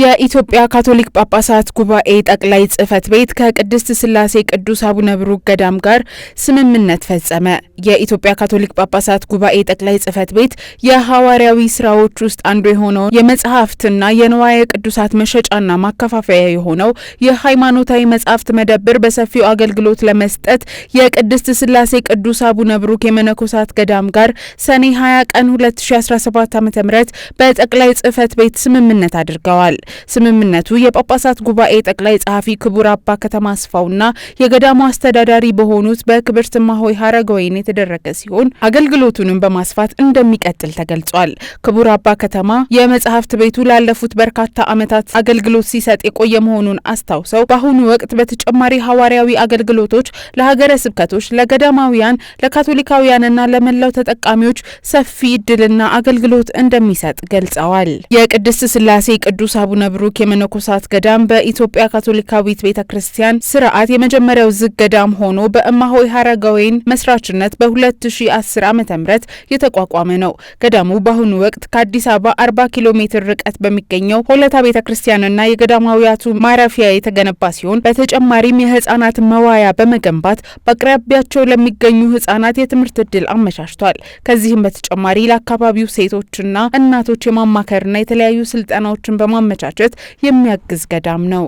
የኢትዮጵያ ካቶሊክ ጳጳሳት ጉባኤ ጠቅላይ ጽህፈት ቤት ከቅድስት ስላሴ ቅዱስ አቡነ ብሩክ ገዳም ጋር ስምምነት ፈጸመ። የኢትዮጵያ ካቶሊክ ጳጳሳት ጉባኤ ጠቅላይ ጽህፈት ቤት የሐዋርያዊ ስራዎች ውስጥ አንዱ የሆነው የመጽሐፍትና የንዋየ ቅዱሳት መሸጫና ማከፋፈያ የሆነው የሃይማኖታዊ መጽሐፍት መደብር በሰፊው አገልግሎት ለመስጠት የቅድስት ስላሴ ቅዱስ አቡነ ብሩክ የመነኮሳት ገዳም ጋር ሰኔ 20 ቀን 2017 ዓ ም በጠቅላይ ጽህፈት ቤት ስምምነት አድርገዋል። ስምምነቱ የጳጳሳት ጉባኤ ጠቅላይ ጸሐፊ ክቡር አባ ከተማ አስፋውና የገዳሙ አስተዳዳሪ በሆኑት በክብርት እማሆይ ወይን የተደረገ ሲሆን አገልግሎቱንም በማስፋት እንደሚቀጥል ተገልጿል። ክቡር አባ ከተማ የመጽሐፍት ቤቱ ላለፉት በርካታ ዓመታት አገልግሎት ሲሰጥ የቆየ መሆኑን አስታውሰው በአሁኑ ወቅት በተጨማሪ ሐዋርያዊ አገልግሎቶች ለሀገረ ስብከቶች፣ ለገዳማውያን፣ ለካቶሊካውያንና ለመላው ተጠቃሚዎች ሰፊ እድልና አገልግሎት እንደሚሰጥ ገልጸዋል። የቅድስት ስላሴ ቅዱስ አቡነ አቡነ ብሩክ የመነኮሳት ገዳም በኢትዮጵያ ካቶሊካዊት ቤተ ክርስቲያን ስርዓት የመጀመሪያው ዝግ ገዳም ሆኖ በእማሆይ ሀረጋዌን መስራችነት በ2010 ዓ ም የተቋቋመ ነው። ገዳሙ በአሁኑ ወቅት ከአዲስ አበባ 40 ኪሎ ሜትር ርቀት በሚገኘው ሆለታ ቤተ ክርስቲያንና የገዳማውያቱ ማረፊያ የተገነባ ሲሆን በተጨማሪም የህጻናት መዋያ በመገንባት በአቅራቢያቸው ለሚገኙ ህጻናት የትምህርት እድል አመቻችቷል። ከዚህም በተጨማሪ ለአካባቢው ሴቶችና እናቶች የማማከርና የተለያዩ ስልጠናዎችን በማመቻ ለማመቻቸት የሚያግዝ ገዳም ነው።